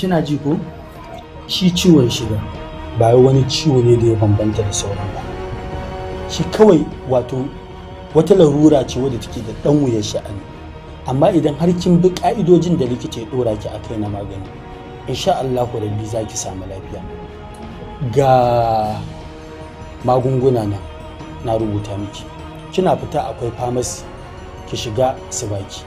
kina ji ko shi ciwon shiga ba wani ciwo ne da ya bambanta da sauran ba shi kawai wato wata larura ce wadda take da dan wuyar sha'ani amma idan har kin bi ka'idojin da likita ya dora ki akai na magani insha Allahu rabbi za ki samu lafiya ga magunguna na, na rubuta miki kina fita akwai famasi ki shiga su baki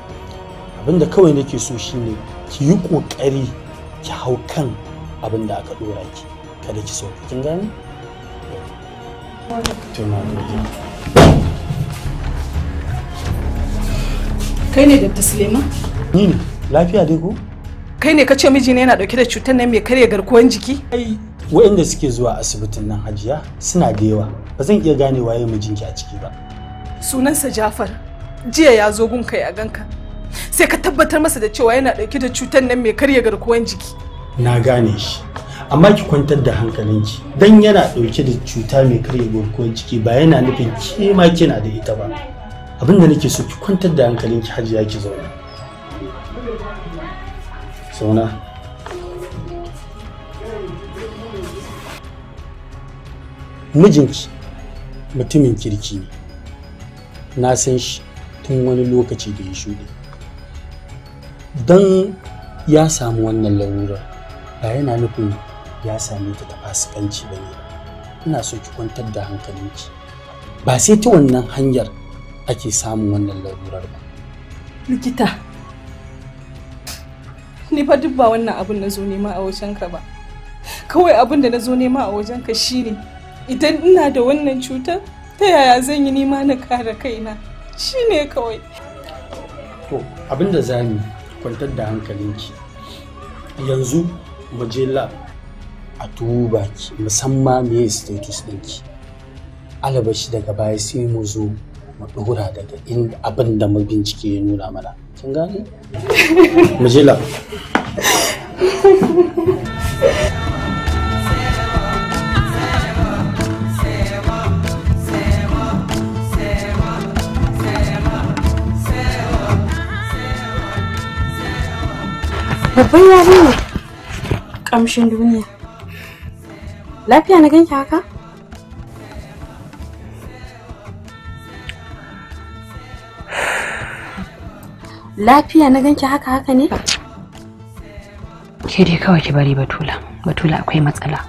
abinda kawai nake so shine ki yi ƙoƙari ki hau kan abin da aka dora ki kada ki so kin gani kai ne dr sulema ni ne lafiya dai ko kai ne ka ce ne yana dauke da cutar nan mai karya garkuwan jiki ai waɗanda suke zuwa asibitin nan hajiya suna da yawa ba zan iya gane waye mijinki a ciki ba sunansa jafar jiya ya zo gunka ya ganka sai ka tabbatar masa da cewa yana ɗauke da cutar nan mai karya garkuwar jiki na gane shi amma ki kwantar da hankalinki dan yana ɗauke da cuta mai karya garkuwar jiki ba yana nufin ke ma kina da ita ba abin da nake so ki kwantar da hankalinki har ya ki zauna zauna mijinki mutumin kirki ne na san shi tun wani lokaci da ya shuɗe don ya samu wannan larurar, ba yana nufin ya same ta ta fasikanci ba ne ina so ki kwantar da hankalinki ba sai ta wannan hanyar ake samun wannan larurar ba likita ni fa duk ba wannan abin na zo nema a wajenka ba kawai abin da na zo nema a wajenka shine idan ina da wannan cutar ta yaya zan yi nema na kare kaina shine kawai to abin da za mu kwantar da hankalinki yanzu mu je lab a duba ki musamman me status ɗinki shi daga baya sai mu zo mu ɗora daga inda abin da mu bincike ya nuna mana kin gane mu je lab babban ne kamshin duniya lafiya na ganki haka lafiya na ganki haka haka ne ke dai kawai ki bari batula batula akwai matsala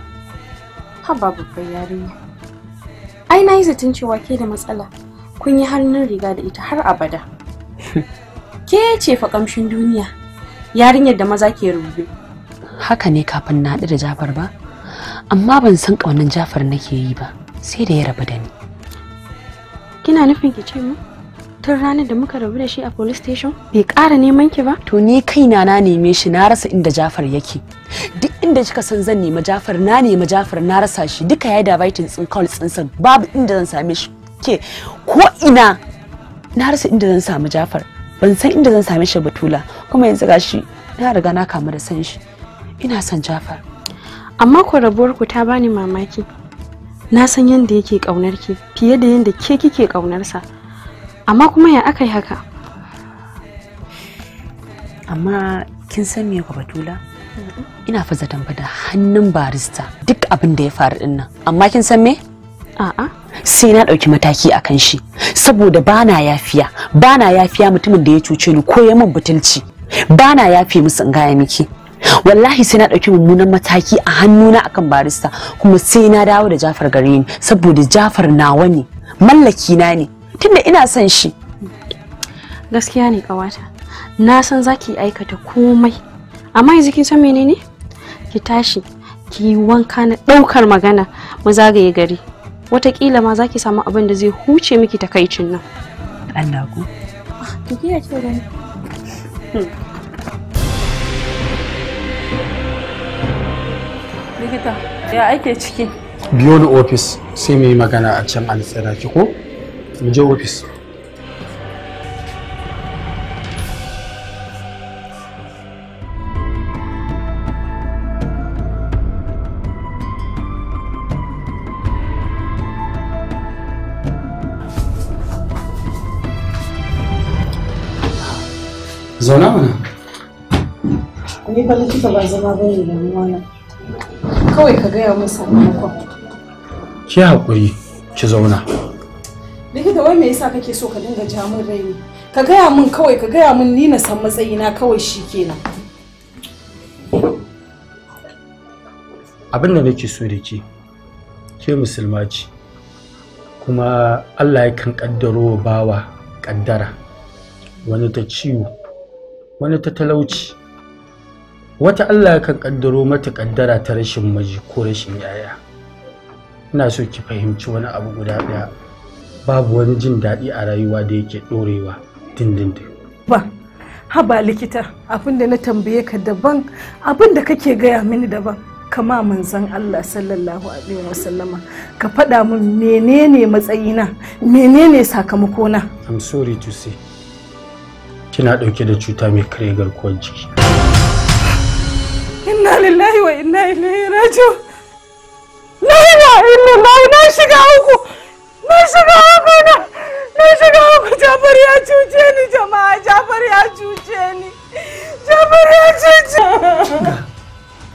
haba babban yarinya ai na yi zaton cewa ke da matsala kun yi hannun riga da ita har abada ke ce fa kamshin duniya yarinyar da maza ke rubu haka ne kafin na haɗu da jafar ba amma ban san ƙaunin jafar nake yi ba sai da ya rabu da ni kina nufin ki ce mu tun ranar da muka rabu da shi a police station bai ƙara neman ki ba to ni kaina na neme shi na rasa inda jafar yake duk inda kika san zan nema jafar na nema jafar na rasa shi duka ya da baitin tsin kawai babu inda zan same shi ke ko ina na rasa inda zan samu jafar ban san inda zan same shi batula kuma yanzu gashi na riga na kama da san shi ina son jafar amma ko rabuwar ku ta bani mamaki na san yadda yake kaunar ki fiye da yanda ke kike kaunarsa amma kuma ya aka haka amma kin san me ku batula ina fa zaton da hannun barista duk abin da ya faru dinnan amma kin san me a'a sai na ɗauki mataki akan shi saboda bana yafiya bana yafiya mutumin da ya cuce ni ko ya min butulci bana yafi musu in gaya miki wallahi sai na ɗauki mummunan mataki a hannuna akan barista kuma sai na dawo da jafar gare ni saboda jafar nawa ne mallaki na ne tunda ina son shi gaskiya ne kawata na san zaki aikata komai amma yanzu kin san menene ki tashi ki wanka na ɗaukar magana mu zagaye gari watakila ma za ki samu abin da zai huce miki takaicin nan Allah ku to ah, ki ce hmm. likita ya ake ciki biyo ni ofis sai mu yi magana a can an tsira ki ko mu je ofis zauna mana ni fa likita ba zama ba ne da na kawai ka gaya min sakamakon ki haƙuri ki zauna likita wai me yasa kake so ka dinga jamin min rai ka gaya min kawai ka gaya min ni na san matsayina kawai shi kenan abin da nake so da ke ke musulma ce kuma allah ya kan kaddaro bawa kaddara wani ta ciwo wani ta talauci wata Allah kan kaddaro mata kaddara ta rashin maji ko rashin yaya ina so ki fahimci wani abu guda ɗaya babu wani jin daɗi a rayuwa da yake ɗorewa dindindin ba haba likita abin da na tambaye ka daban abin da kake gaya mini daban kama manzon Allah sallallahu alaihi wasallama ka faɗa min menene matsayina menene sakamakona I'm sorry to say kina ɗauke da cuta mai kare garkuwar jiki. Inna lillahi wa inna ilaihi raji'un. La ilaha illallah na shiga uku. Na shiga uku na. Na shiga uku Jafar ya cuce ni jama'a Jafar ya cuce ni. Jafar ya cuce.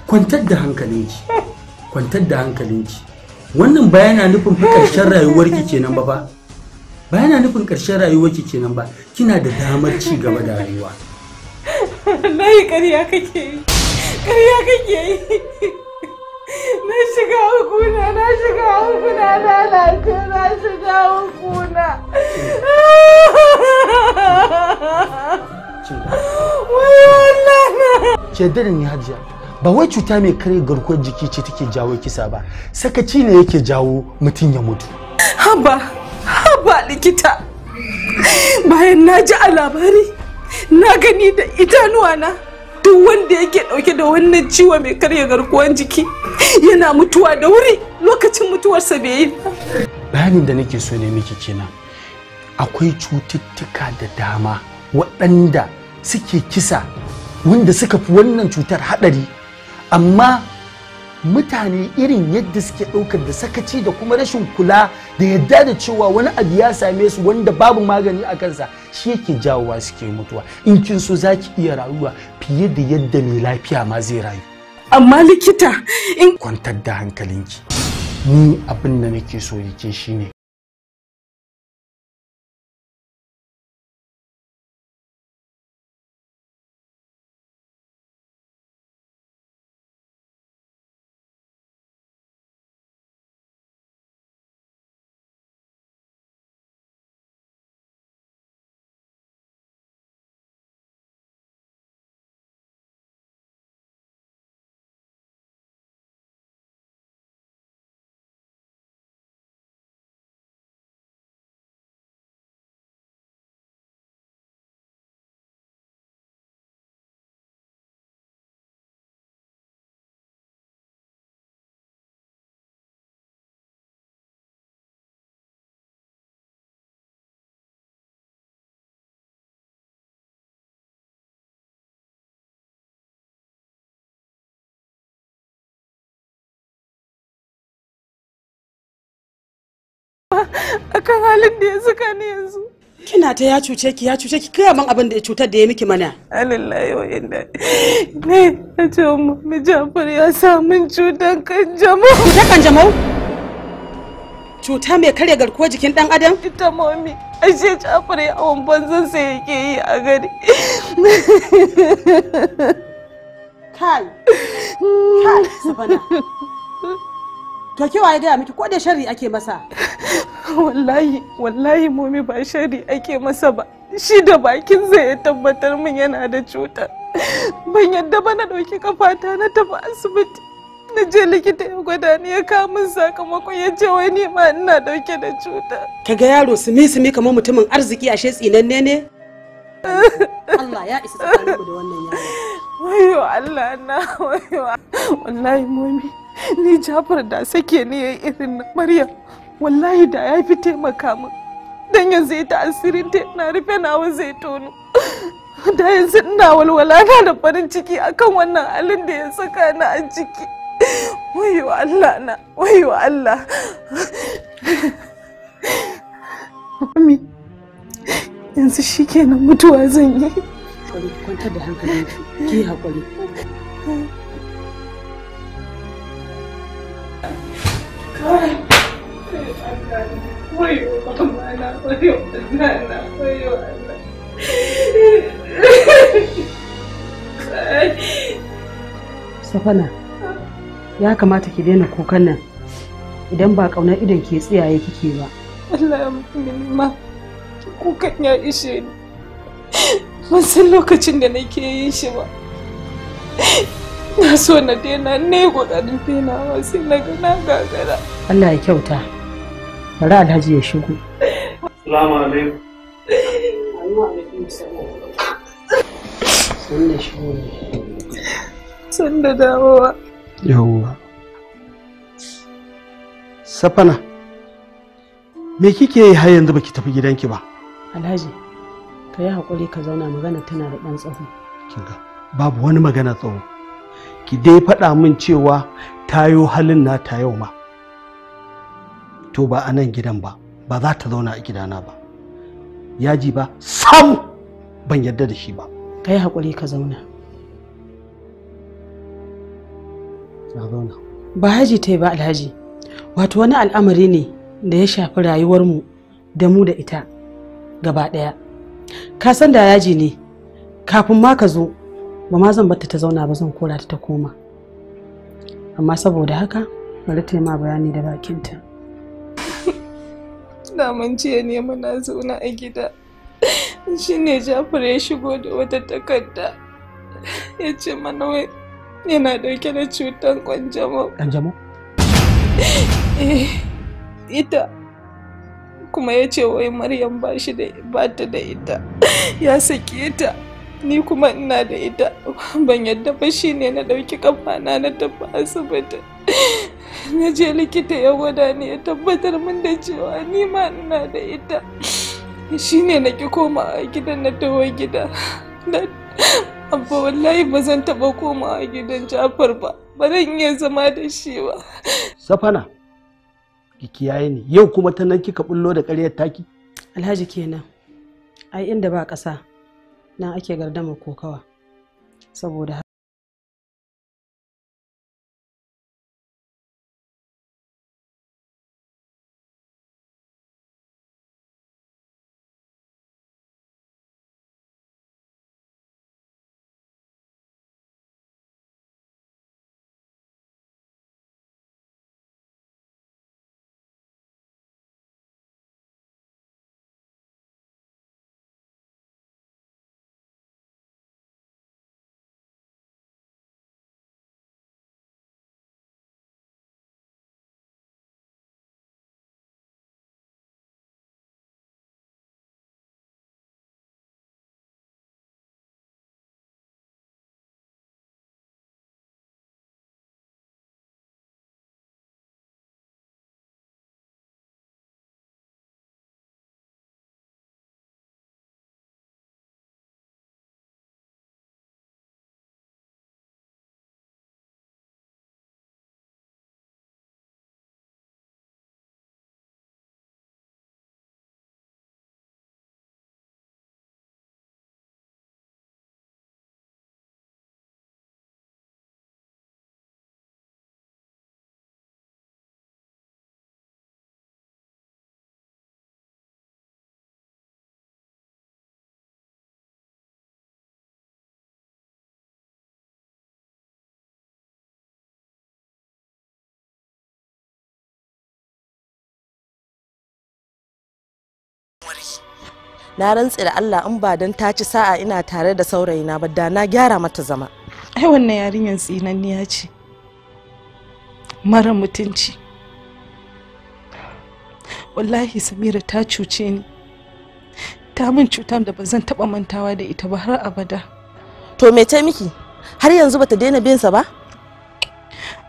Kwantar da hankalinki. Kwantar da hankalinki. Wannan bayana nufin fi ƙarshen rayuwarki kenan ba ba ba yana nufin ƙarshen rayuwa ke kenan ba kina da damar ci gaba da rayuwa na yi ƙarya kake yi ƙarya kake yi na shiga hukuna na shiga hukuna na lalace na shiga hukuna Shedar ya hajiya ba wai cuta mai kare garkuwar jiki ce take jawo kisa ba sakaci ne yake jawo mutum ya mutu haba Haba likita. Bayan na ji a labari, na gani da idanuwa na duk wanda yake dauke da wannan ciwo mai karya garkuwan jiki yana mutuwa da wuri lokacin mutuwarsa bai yi bayanin da nake so ne miki kenan akwai cututtuka da dama waɗanda suke kisa wanda suka fi wannan cutar haɗari amma mutane irin yadda suke ɗaukar da sakaci da kuma rashin kula da yadda da cewa wani abu ya same su wanda babu magani a kansa shi yake jawowa suke mutuwa in kin so za ki iya rayuwa fiye da yadda mai lafiya ma zai rayu amma likita in kwantar da hankalinki ni abin da nake so yake shine akan halin da ya saka ni yanzu kina ta ya cuce ki ya cuce ki kira man abin da ya cutar da ya miki mana alillahi wa inna ne ta ce mu Jafar ya samu cutar kanjamau cutar kanjamau cuta mai karya garkuwar jikin dan adam ita mami ashe Jafar ya awon banzan sai yake yi a gari kai kai sabana To ke waye gaya miki ko da sharri ake masa? Wallahi, wallahi momi ba sharri ake masa ba. Shi da bakin zai ya tabbatar min yana da cuta. Ban yadda ba na ɗauki kafata na tafi asibiti. Na je likita ya gwada ni ya kawo min sakamakon ya ce wai ni ma ina ɗauke da cuta. Ka ga yaro sumi sumi kamar mutumin arziki she tsinanne ne? Allah ya isa tsakaninku da wannan yaro. Wayo Allah na wayo wallahi momi. ni jafar da sake ni yayi irin na maryam wallahi da ya fi taimaka min dan yanzu ita asirin ta na rufe nawa zai tono da yanzu ina walwala na da farin ciki akan wannan halin da ya saka ni a ciki wayo Allah na wayo Allah Mami yanzu shikenan mutuwa zan yi kwantar da hankalinki ki hakuri Safana, ya kamata ki daina kukan nan idan ba ƙaunar idon ke tsiyaye kike ba. Allah ma kukan ya ishe ni. Ban san lokacin da nake yin shi ba. na so na daina ne kokarin dainawa sai na ga na gagara Allah ya kyauta bari alhaji ya shigo assalamu alaikum sun da dawowa yawwa safana me kike yi har yanzu baki tafi gidanki ba alhaji ka yi haƙuri ka zauna magana tana da ɗan tsaho babu wani magana tsawo. ki dai faɗa min cewa tayo halin na ta yau ma to ba a nan gidan ba ba za ta zauna a gidana ba yaji ba sam ban yarda da shi ba kai hakuri ka zauna zauna ba haji ta ba alhaji wato wani al'amari ne da ya shafi rayuwarmu da mu da ita gaba ɗaya ka san da yaji ne kafin ma ka zo ba ma zan batta ta zauna ba zan kora ta ta koma amma saboda haka bari ta yi ma bayani da bakinta daman jiya ne muna zauna a gida shi ne jafar ya shigo da wata takarda ya ce mana wai yana dauke da cutar kanjamau kanjamau eh, ita kuma ya ce wai maryam ba ta da ita ya sake ta ni kuma ina da ita ban yadda ba shi ne na ɗauki kafana na tafi asibiti na je likita ya gwada ni ya tabbatar min da cewa ni ma ina da ita shi ne na ki koma a gidan na tawo gida abba wallahi ba zan taɓa komawa gidan jafar ba ba zan iya zama da shi ba safana ki kiyaye ni yau kuma ta nan kika bullo da ƙaryar taki alhaji kenan ai inda ba ƙasa nan ake gardama kokawa saboda na rantse da Allah in ba dan taci ci sa'a ina tare da saurayina ba da na gyara mata zama ai wannan yarinyar ya ce mara mutunci wallahi samira ta cuce ni ta min cutar da ba zan taba mantawa da ita ba har abada to me ta miki har yanzu bata daina bin sa ba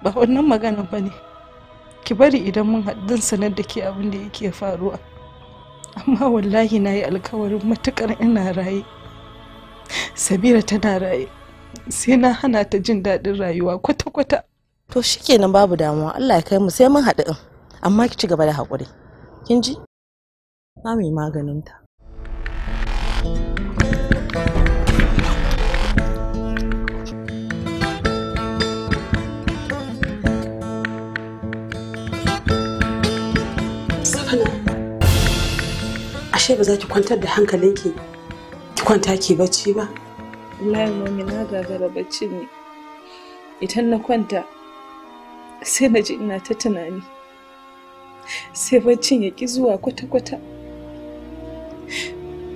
ba wannan magana ba ne ki bari idan mun haɗu sanar da ke abin da yake faruwa amma wallahi na yi alkawarin matukar ina raye sabira tana raye sai na hana ta jin daɗin rayuwa kwata-kwata to shikenan babu damuwa allah ya kai mu sai mun haɗu amma ki ci gaba da haƙuri kin ji za mu yi maganinta ashe ba za ki kwantar da hankalinki ki kwanta ki bacci ba wallahi mami na gagara bacci ne idan na kwanta sai na ji ina ta tunani sai baccin ya ki zuwa kwata-kwata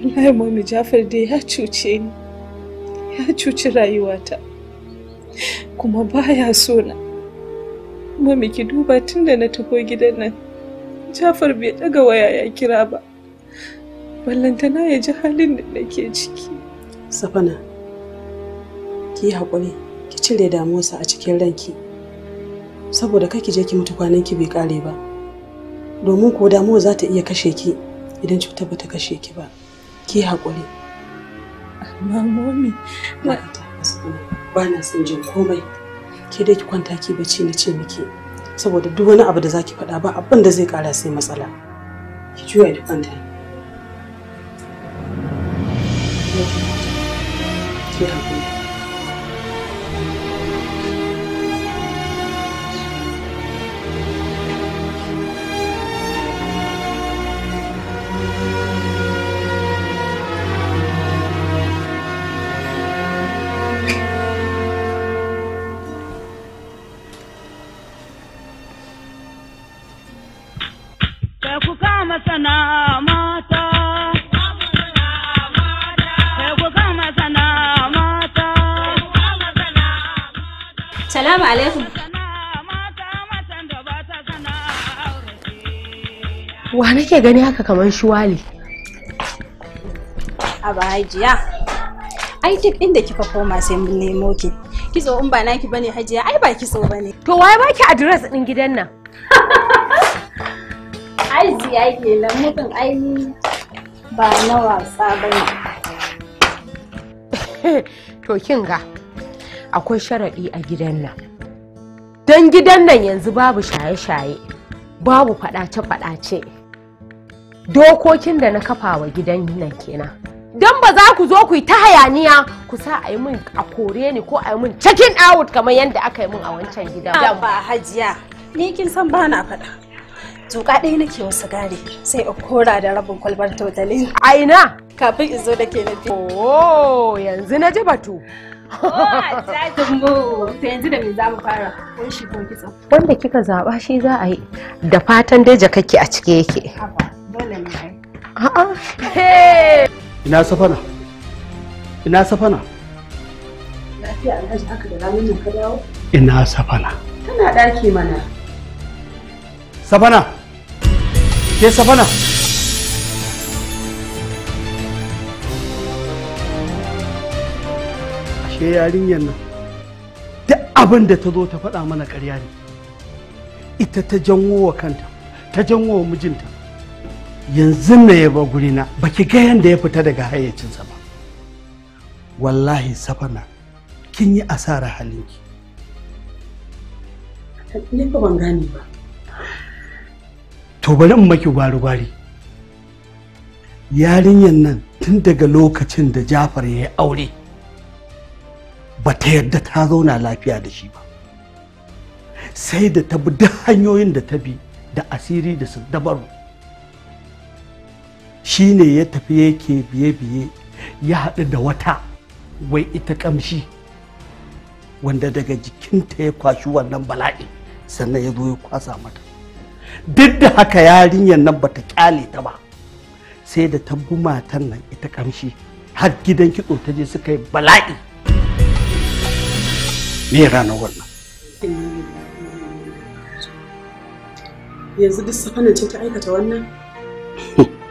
wallahi mami jafar dai ya cuce ni ya cuci rayuwata kuma baya so na mami ki duba tun da na taho gidan nan jafar bai daga waya ya kira ba ballantana ya ji halin da nake ciki safana ki yi haƙuri ki cire damuwarsa a cikin ranki saboda kai ki je ki mutu kwanan ki bai kare ba domin ko damuwa za ta iya kashe ki idan cutar ba ta kashe ki ba ki haƙuri amma momi ba na son jin komai ke dai ki kwanta ki bacci na ce miki saboda duk wani abu da zaki faɗa ba abin da zai ƙara sai matsala ki juya da kwanta 天。kake gani haka kamar shuwali a hajiya ai duk inda kika koma sai mun nemo ki kitso in ba naki bane hajiya ai ba kitso bane to waye baki address din gidan nan ai ziya nan mutum ai ba na wasa bane to kin ga akwai sharaɗi a gidan nan don gidan nan yanzu babu shaye-shaye babu faɗace-faɗace dokokin da na kafa wa gidan nan kenan don ba za ku zo ku yi ta hayaniya ku sa a yi min a kore ni ko a yi min cikin out kamar yadda aka yi min a wancan gida ba ba hajiya ni kin san ba na faɗa tuka ɗaya nake wasu gari sai in kora da rabin kwalbar totali a ina kafin in zo da ke nufi oh yanzu na ji batu oh, yanzu da me za mu fara wanda kika zaba shi za a yi da fatan dai jakakke a cike yake A'a. Ina safana? Ina safana? Lafiya Alhaji haka da ramin nan ka dawo? Ina safana? Tana ɗaki mana. Safana? Ke safana? Ashe yarinyar nan duk abin da ta zo ta faɗa mana ƙarya ne. Ita ta janwo wa kanta, ta janwo wa mijinta. yanzu na ya ba gurina ba ki ga yanda ya fita daga hayyacinsa ba wallahi safana kin yi asara halinki ni ba ban gani ba to bari in maki gwari-gwari yarinyar nan tun daga lokacin da jafar ya yi aure ba ta yadda ta zauna lafiya da shi ba sai da ta bi duk hanyoyin da ta bi da asiri da su dabaru shi ne ya tafi yake biye-biye ya haɗu da wata wai ita kamshi wanda daga jikinta ya kwashi wannan bala'i sannan ya zo ya kwasa mata duk da haka yarinyar nan bata kyale ta ba sai da ta matan nan ita kamshi har gidan kitso ta je suka yi bala'i me ranar wannan yanzu duk safanin ce ta aikata wannan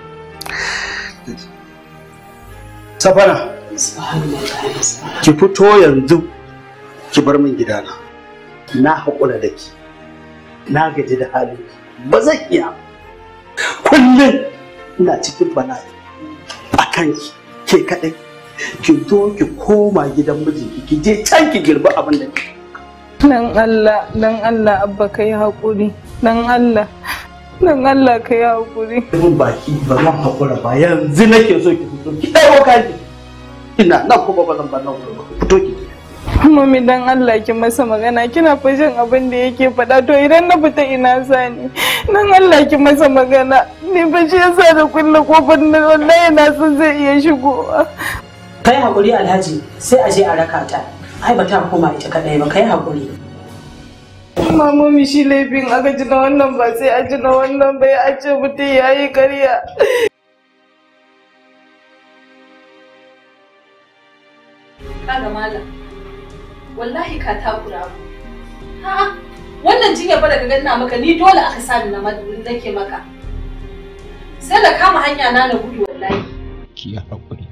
safana ki fito yanzu ki bar min gidana na haƙura da ki na gaji da hali ba zan iya kullum ina cikin bana a kanki ke kaɗai ki zo ki koma gidan mijinki ki je can ki girba abin da ki dan Allah dan Allah abba kai haƙuri dan Allah Nan Allah ka yi hakuri. Mun baki ba zan hakura ba yanzu nake so ki fito ki ɗago kanki. Ina nan kuma ba zan ba nan ba fito ki. Mami dan Allah ki masa magana kina fashin abin da yake faɗa to idan na fita ina sa sani dan Allah ki masa magana ni ba shi yasa da kulle kofar na wallahi na san zai iya shigowa. Kai hakuri Alhaji sai a je a raka ta ai ba ta koma ita kadai ba kai hakuri. mamomi shi laifin aka ji na wannan ba sai a ji na wannan bai a ce mutum ya yi karya kaga mala, wallahi ka takura mu ha wannan jinya ba daga ganna maka ni dole aka sa ni na nake maka sai da kama hanya na na gudu wallahi ki hakuri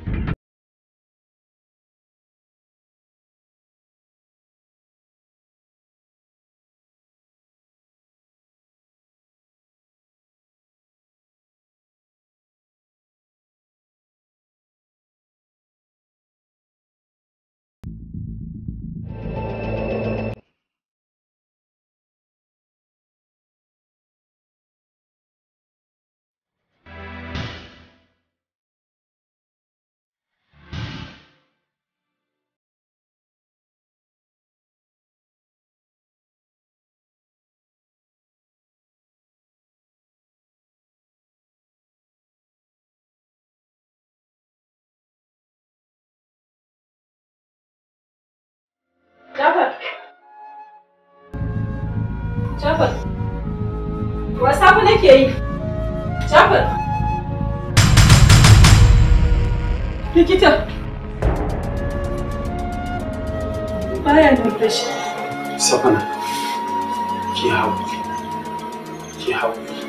Jafar. Jafar. Wasa fa nake yi. Jafar. Likita. Baya numfashi. Safana. Ki haƙuri. Ki haƙuri.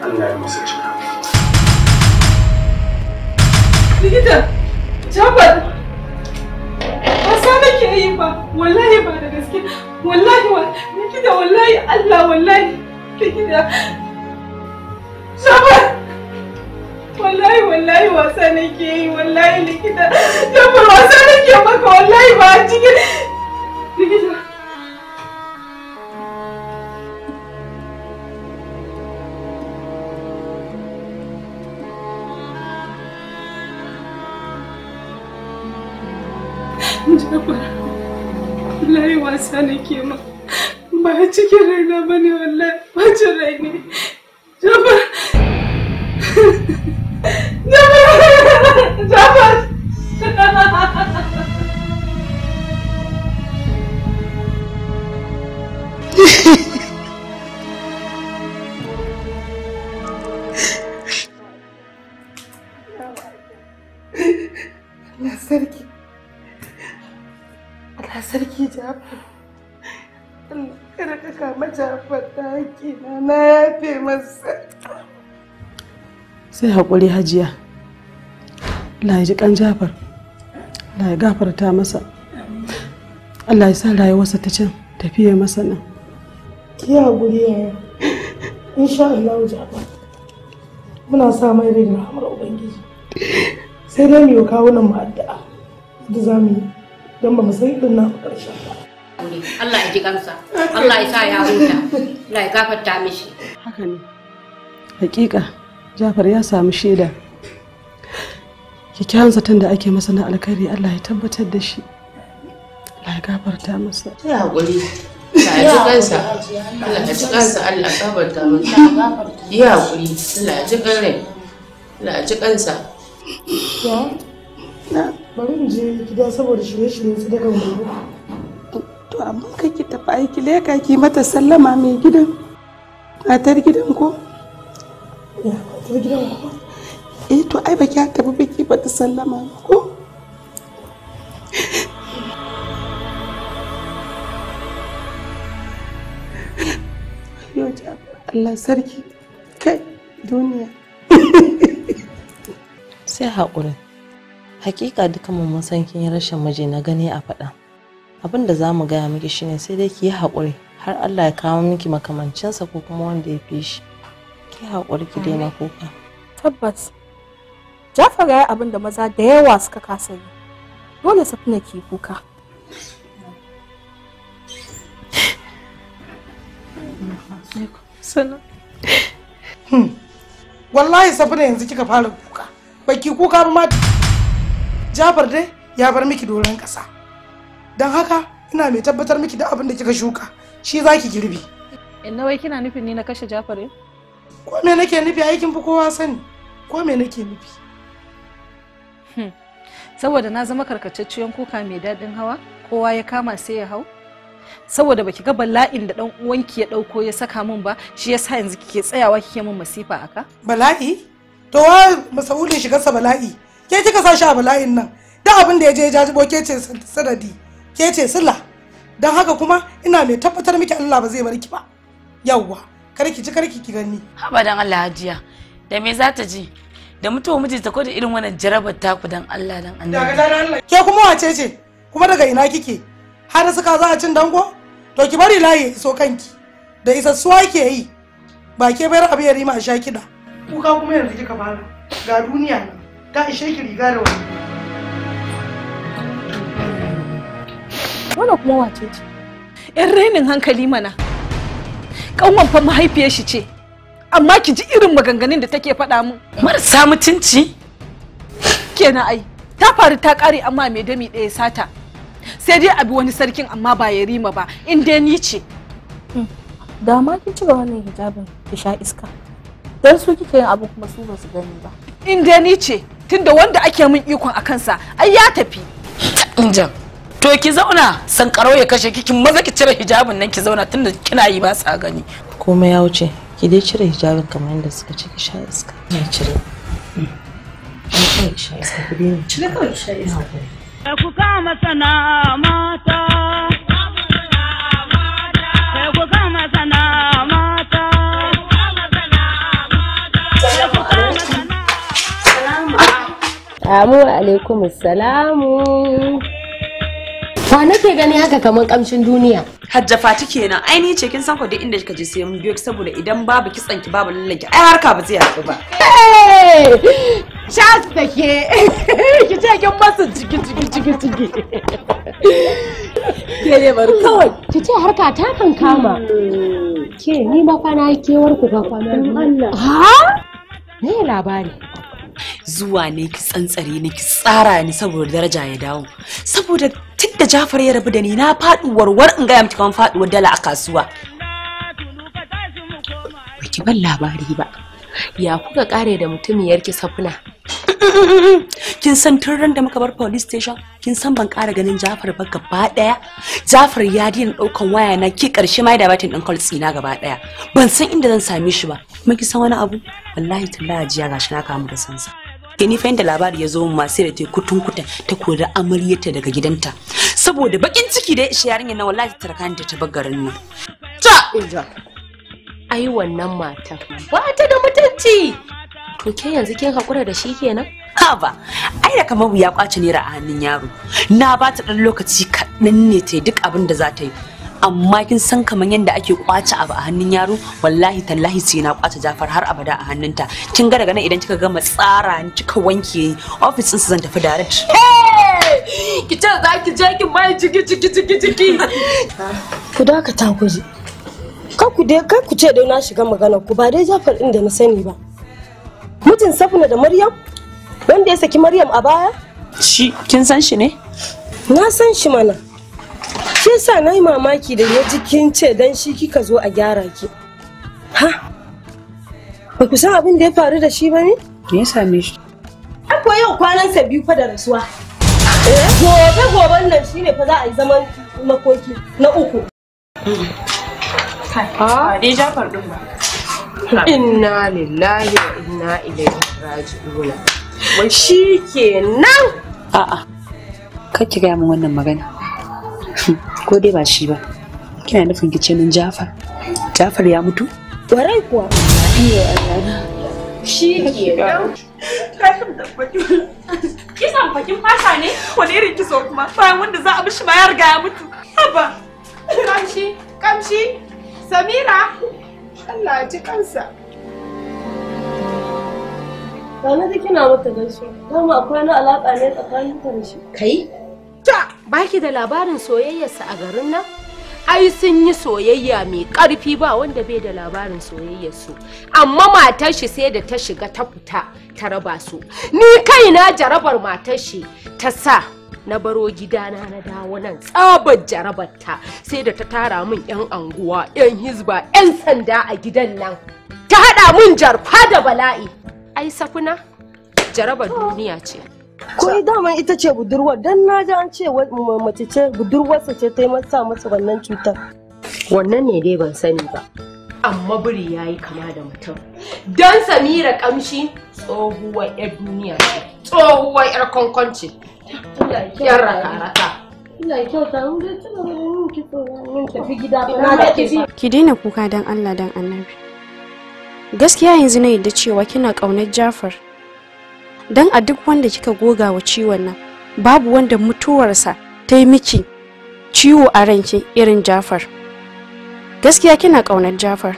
Allah ya masa cika. Likita. Jafar. nake yi ba wallahi ba da gaske wallahi wa nake da wallahi Allah wallahi nake da Shabar wallahi wallahi wasa nake yi wallahi likita wasa nake maka wallahi ba a cikin likita sani nake ma ba cikin raina bane wallahi bacin rai ne sai haƙuri hajiya Allah ya ji kan jafar Allah ya gafarta masa Allah ya sa rayuwarsa ta can tafiye masa nan Kiya haƙuri yaya insha Allah jafar muna sa mai rai da rahamar ubangiji sai dai mu kawo nan mu addu'a da za mu yi don ba mu san irin na ƙarshen Allah ya ji kansa Allah ya sa ya huta Allah ya gafarta mishi haka ne hakika jafar ya samu shaida kyakkyawan zaton da ake masa na alkhairi allah ya tabbatar da shi allah ya gafarta masa ya haƙuri ya ji kansa allah ya ji kansa allah ya gafarta masa ya haƙuri allah ya ji kansa allah ya ji kansa bari in je gida saboda shirye-shiryen su daga gobe to amma kake tafi aiki leka ki mata sallama mai gidan matar gidan ko Yeah. eh to ai baki ta tafi biki ba ta sallama ko Allah sarki kai duniya sai haƙuri hakika duka mun san kin rashin miji na gani a faɗa abin da za mu gaya miki shine sai dai ki yi haƙuri har Allah ya kawo miki makamancinsa ko kuma wanda ya fi shi ki haƙuri ki daina kuka tabbas Jafa ya abin da maza da yawa suka kasa yi dole safina ki kuka hmm. wallahi safina yanzu kika fara kuka baki kuka ba ma Jafar dai ya bar miki doron ƙasa don haka ina mai tabbatar miki da abin da kika shuka shi zaki girbi. Inna wai kina nufin ni na kashe Jafar ko me nake nufi aikin fi kowa sani ko me nake nufi hmm. saboda na zama karkatacciyar kuka mai daɗin hawa kowa ya kama sai ya hau saboda baki ga bala'in da dan uwanki ya dauko ya saka min ba shi yasa yanzu kike tsayawa kike min masifa aka bala'i to wa masaulin shiga sa bala'i ke kika sa shi a bala'in nan da abin da ya je jajibo ke ce sanadi ke ce sila don haka kuma ina mai tabbatar miki Allah ba zai bar ki ba yawwa karki ji karki ki gani haba dan Allah hajiya da me za ta ji da mutuwa mijinta ko da irin wannan jarabar taku dan Allah dan Allah ke kuma wace ce kuma daga ina kike har suka za a cin dango to ki bari layi iso kanki da isassuwa ke yi ba ke bayar abu ya rima a sha kiɗa kuka kuma yanzu kika fara ga duniya ta ishe ki riga da wani wannan kuma wace ce yan rainin hankali mana kanwan fa mahaifiyar shi ce amma ki ji irin maganganun da take faɗa mu marasa mutunci kenan ai ta faru ta ƙare amma mai dami ɗaya sata sai dai abi wani sarkin amma ba ya rima ba in dai ni ce hmm. da ma kin cire wannan hijabin ki sha iska dan su kike yin abu kuma su ba su gani ba in dai ni ce tunda wanda ake min ikon a kansa ai ya tafi injan to ki zauna san karo ya kashe ki maza ki cire hijabin nan ki zauna tunda kina yi ba sa gani komai ya wuce ki dai cire hijabin kamar yadda suka ce ki sha iska ne cire cire kawai ki sha iska eh, ku kama sana'a mata eh, ku kama sana'a mata eh, Salamu alaikum salamu. Wa nake gani haka kamar kamshin duniya? Hajja Fati kenan. Ai ni ce kin san ko inda kika je sai mun biyo saboda idan babu kitsan ki babu lallan ki ai harka ba zai haɗu ba. Charles da ke ki ce kin masa ciki ciki ciki ciki. Ke ne bar kawai ki ce harka ta kan kama. Hmm. Ke ni ma kwana kewar ku ba kwana. Allah. Ha? Me labari? zuwa ne ki tsantsare ni ki tsara ni saboda daraja ya dawo saboda tun da Jafar ya rabu da ni na faɗi warwar in gaya miki kan faɗuwar dala a kasuwa Ba ki ban labari ba ya kuka kare da mutumiyar ki safuna kin san tun ran da muka bar police station kin san ban kara ganin Jafar ba gaba daya Jafar ya daina daukan waya na ki karshe mai da batin din kalsi na gaba daya ban san inda zan same shi ba kuma ki san wani abu wallahi tallahi jiya gashi na kamu da sansa ya ni fahimta labari ya zo masu da kutun kuta ta kori amaryarta daga gidanta saboda bakin ciki da shi yarinya na wallahi tarkan ta bar garin nan ta inja ai wannan mata ba ta da mutunci to ke yanzu kin hakura da shi kenan ha ai da kamar ya kwace naira a hannun yaro na ba ta dan lokaci kadan ne ta duk abin da za ta yi amma kin san kamar yadda ake kwace abu a hannun yaro wallahi tallahi sai na kwace Jafar har abada a hannunta kin ga daga nan idan kika gama tsara kika wanke office su zan tafi direct ki ce za ki je ki mai ciki ciki ciki ciki ku ka ta ji kar ku dai kar ku ce dai na shiga magana ku ba dai Jafar din da na sani ba mutum safuna da Maryam wanda ya saki Maryam a baya shi kin san shi ne na san shi mana shi yasa na yi mamaki da ya jikin ce dan shi kika zo a gyara ki ha ba ku san abin da ya faru da shi ba ne me ya same shi akwai yau kwanan sa biyu fa da rasuwa eh? gobe goben nan shine fa za a yi zaman makoki na uku ba ah? dai ba inna lillahi wa inna ilaihi raji'una wai kenan. a'a kake ga min wannan magana ko dai ba shi ba kina nufin ki ce min Jafar Jafar ya mutu warai kuwa iya alana shi ke dan kisan bakin fata ne wani irin kiso kuma bayan wanda za a mishi ma ya riga ya mutu haba kamshi kamshi samira Allah ji kansa Ba na kina mata gaisuwa, dama akwai na alaƙa ne tsakanin ta da shi. Kai? Ta! Baki da labarin soyayyarsa a garin nan? Ai sun yi soyayya mai ƙarfi ba wanda bai da labarin soyayyarsu. Amma matar shi sai da ta shiga ta fita ta raba su. Ni kaina jarabar matar shi ta sa na baro gidana na dawo nan tsabar jarabarta sai da ta tara min 'yan anguwa 'yan hizba 'yan sanda a gidan nan ta haɗa mun jarfa da bala'i ai safuna jarabar duniya ce ko daman ita ce budurwar don na ji an ce mace ce budurwarsa ce ta yi masa masa wannan cutar wannan ne dai ban sani ba amma biri ya yi kama da mutum don samira kamshi tsohuwar yar duniya tsohuwar yar kwankwanci yar raka-raka ki daina kuka don allah don annabi gaskiya yanzu na yadda cewa kina ƙaunar jafar don a duk wanda kika goga wa ciwon nan babu wanda mutuwarsa ta yi miki ciwo a ranki irin jafar gaskiya kina ƙaunar jafar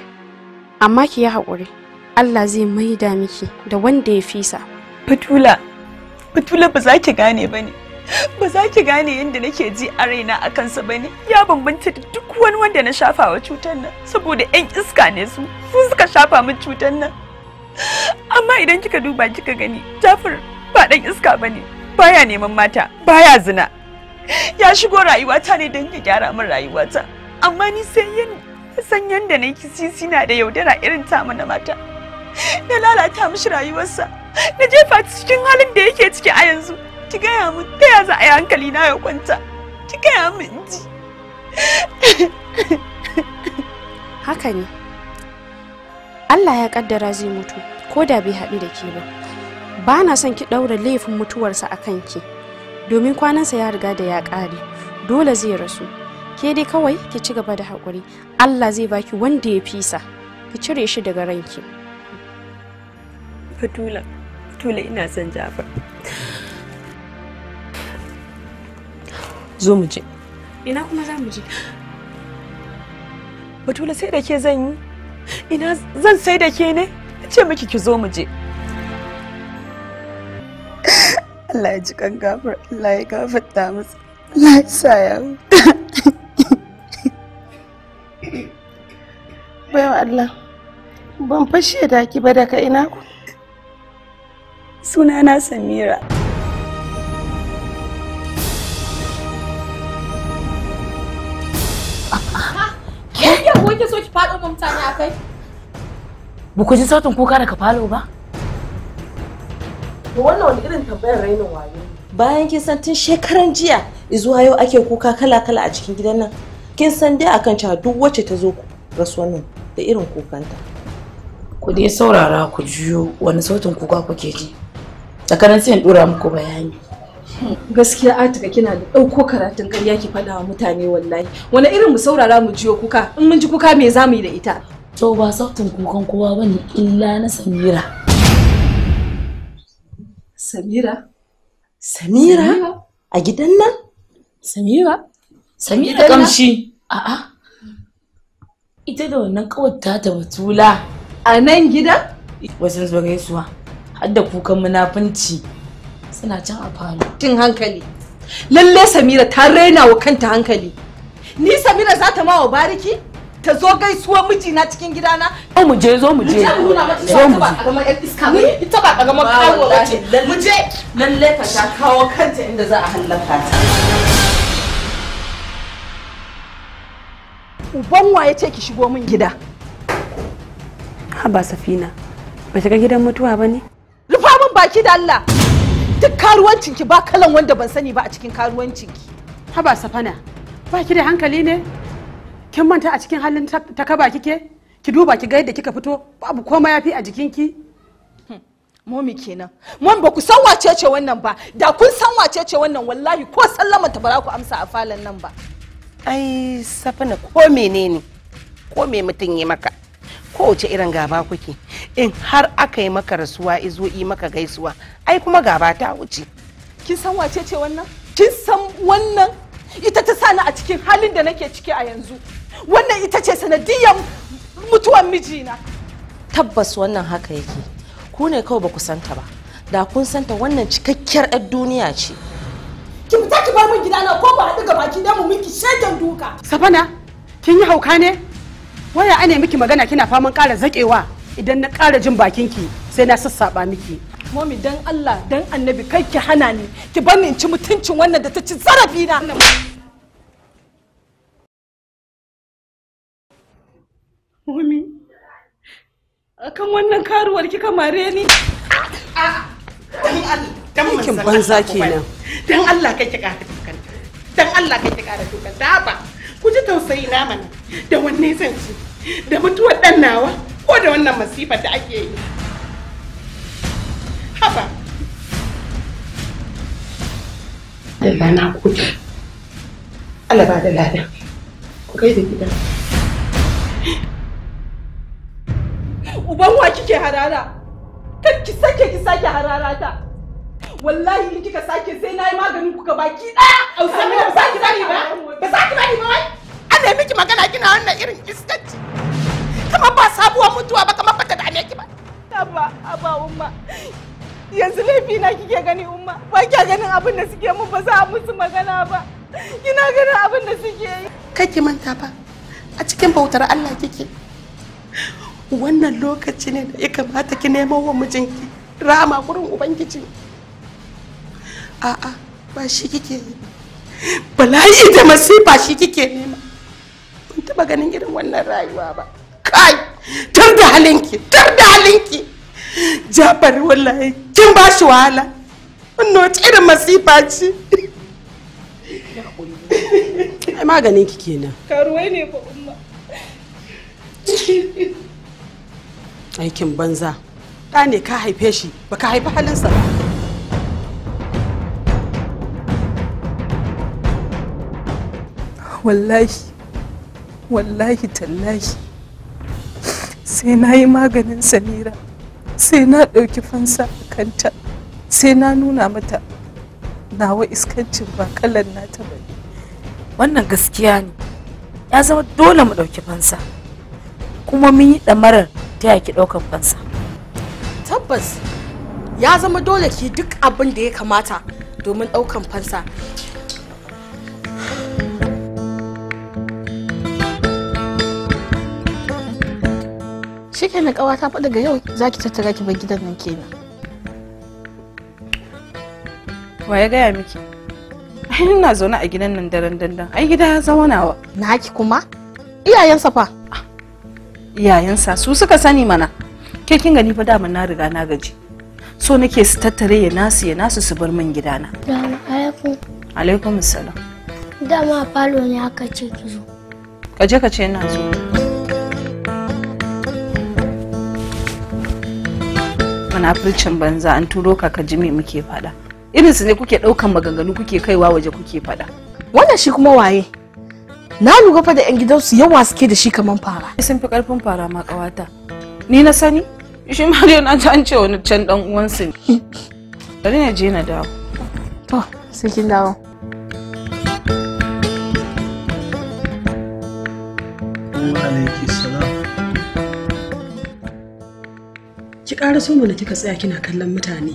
amma ki yi haƙuri allah zai maida miki da wanda ya fisa fitula fitula ba za ki gane ba ne ba za ki gane yadda nake ji a raina a kansa ba ne ya bambanta da duk wani wanda na shafa wa cutar nan saboda 'yan iska ne su sun suka shafa min cutar nan Amma idan kika duba kika gani, Jafar ba dan iska ba bane, baya neman mata, baya zina. Ya shigo rayuwata ne don ya gyara min rayuwata. Amma ni sai yin san yanda na kisisi na da yaudara irin ta mana mata. Na lalata mishi rayuwarsa, na jefa cikin halin da yake ciki a yanzu. Ki gaya min ta ya za a yi hankali na ya kwanta. Ki gaya min ji. Haka ne. Allah ya kaddara zai mutu ko da bai haɗu da ke ba ba na son ki ɗaura laifin mutuwarsa a kanki domin kwanansa ya riga da ya ƙare dole zai rasu ke dai kawai ki ci gaba da haƙuri Allah zai baki wanda ya fisa ki cire shi daga ranki Fatula Fatula ina son Jafar zo mu je ina kuma za mu je Fatula sai da ke zan yi Ina zan sai da ke ne? Ce miki ki zo mu je. Allah ya ji kan gafar, Allah ya gafarta masa. Allah ya sa ya wa Allah, ban fashe da ki ba daga ina ku. Sunana Samira. kike so ki faɗo ma mutane akai? Ba ku ji sautin kuka daga falo ba? To wannan wani irin tambayar rainin waye. Bayan kin san tun shekaran jiya zuwa yau ake kuka kala-kala a cikin gidan nan. Kin san dai akan cewa duk wacce ta zo rasuwar nan da irin kukanta. Ku dai saurara ku jiyo wani sautin kuka kuke ji. Tsakanin sai in dora muku bayani. gaskiya atika kina da ɗauko karatun ƙarya ki faɗa wa mutane wallahi wani irin mu saurara mu jiyo kuka in mun ji kuka me za mu yi da ita to ba sautin kukan kowa bane illa na samira samira samira a gidan nan samira samira kamshi a'a ita da wannan kawar ta batula a nan gidan wasan zuwa gaisuwa har da kukan munafunci suna can a falo cin hankali lalle samira ta raina wa kanta hankali ni samira za ta ma wa bariki ta zo gaisuwa mijina cikin gidana zo mu je zo mu je zo mu je ita ba karamar kawo ba ce mu je lalle ka ta kawo kanta inda za a hallaka ta uban waye ce ki shigo min gida ba safina ba ta ga gidan mutuwa ba ne rufa min baki da Allah duk karuwancin ba kalan wanda ban sani ba a cikin karuwancin ki haba safana ba ki da hankali ne kin manta a cikin halin takaba kike ki duba ki ga yadda kika fito babu komai yafi a jikin ki hmm, momi kenan mom ba ku san wace ce wannan ba da kun san wace ce wannan wallahi ko sallama ta bara ku amsa a falon nan ba ai safana ko menene ko me mutun yi maka kowace irin gaba kuke in har aka yi maka rasuwa izo yi maka gaisuwa ai kuma gaba ta wuce kin san wace ce wannan kin san wannan ita ta sani a cikin halin da nake ciki a yanzu wannan ita ce sanadiyar mutuwan mijina tabbas wannan haka yake ku ne kawai ba ku santa ba da kun santa wannan cikakkiyar 'yar duniya ce ki fita ki bar min gidana ko ba haɗu ga baki dan mu miki shegen duka Safana, kin yi hauka ne waya ane miki magana kina faman ƙara zaƙewa idan na ƙara jin bakinki sai na sassaɓa miki Mami dan Allah dan annabi kai ki hana ni ki bar ni in ci mutuncin wannan da ta ci zarafi na Mami akan wannan karuwar kika mare ni dan Allah dan Allah kai ki ƙara tukanta dan Allah kai ki ƙara tukanta ba ku ji tausayi na mana da wanne zan ci da mutuwar ɗan nawa ko da wannan masifar da ake yi haba Allah na kuce Allah ba da lada ku kai da gidan uban wa kike harara kar ki sake ki sake harara ta wallahi in kika sake sai na yi maganin kuka baki ɗaya a sannan ba sake bari ba ba sake bari ba wai an yi miki magana kina wannan irin iskanci Kama ba sabuwa mutuwa ba kama ba ta dame ki ba abba abba umma yanzu laifi na kike gani umma ba kya ganin abin da suke mun ba za a musu magana ba kina ganin abin da suke yi ki manta ba a cikin bautar Allah kike wannan lokaci ne da ya kamata ki nemo wa mijinki rama gurin ubangiji a'a ba shi kike nema bala'i da masifa shi kike nema ban taba ganin irin wannan rayuwa ba kai tar da halinki tar da halinki jabar wallahi kin ba shi wahala wannan wace irin masifa ce ai maganin ki kenan karuwai ne ba umma aikin banza ɗa ne ka haife shi baka haifi halinsa ba wallahi wallahi tallahi sai na yi maganin samira sai na ɗauki fansa a kanta sai na nuna mata nawa iskancin ba na nata bane. wannan gaskiya ne ya zama dole mu ɗauki fansa kuma mun yi ɗamarar ta yaki ɗaukan fansa tabbas ya zama dole ki duk abin da ya kamata domin ɗaukan fansa ke na kawa ta daga yau za ki tattara ki bar gidan nan kenan wa ya gaya miki ai ina zaune a gidan nan daren dandan ai gida ya zama nawa naki kuma iyayensa fa iyayensa su suka sani mana ke kin gani fa daman na riga na gaji so nake su tattare ya nasu ya nasu su bar min gidana alaikum alaikum assalam dama falo ne aka ce ki zo kaje ka ce na zo munafurcin banza an turo ka ka ji me muke faɗa irin su ne kuke ɗaukan maganganu kuke kaiwa waje kuke faɗa wannan shi kuma waye na lura fa da yan gidansu yawa suke da shi kaman fara sun fi karfin fara ma kawata ni na sani shi ma dai na an ce wani can dan uwansu ne bari na je na dawo to sai kin dawo Assalamualaikum ƙara so mana kika tsaya kina kallon mutane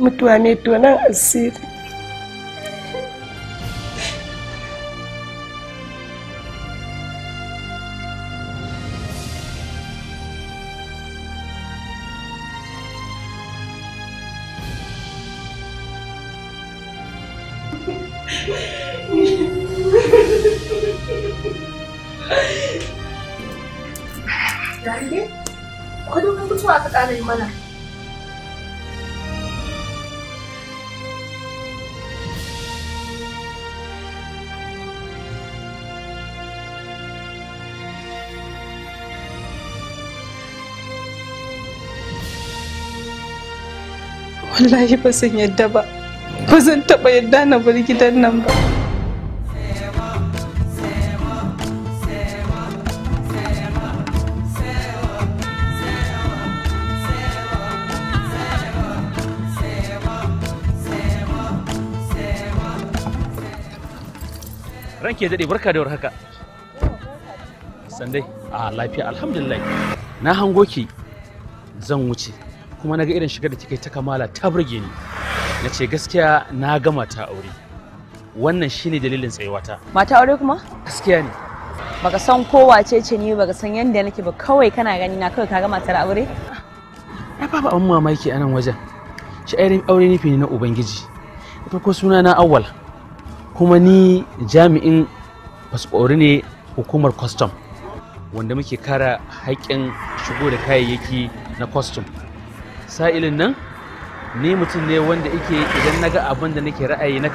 nang itu asiri. Dahil, ako daw nang suara at yang mana? wallahi ba zan yadda ba ba zan taɓa yadda na bar gidan nan ba ranke daɗe barka da warhaka sandai a lafiya alhamdulillah na hango ki zan wuce kuma na ga irin shigar da kika yi ta kamala ta burge ni na ce gaskiya na gama ta aure wannan shine dalilin tsayuwata mata aure kuma gaskiya ne baka san ko wace ce ni baka san yanda nake ba kawai kana gani na kawai ka gama ta aure na babu abin mamaki a nan wajen shi ainihin aure nufi ne na ubangiji da farko suna na awal kuma ni jami'in fasfori ne hukumar kwastam wanda muke kara haƙƙin shigo da kayayyaki na kwastam sa'ilin nan ni mutum ne wanda ike idan naga abin da nake ra'ayi na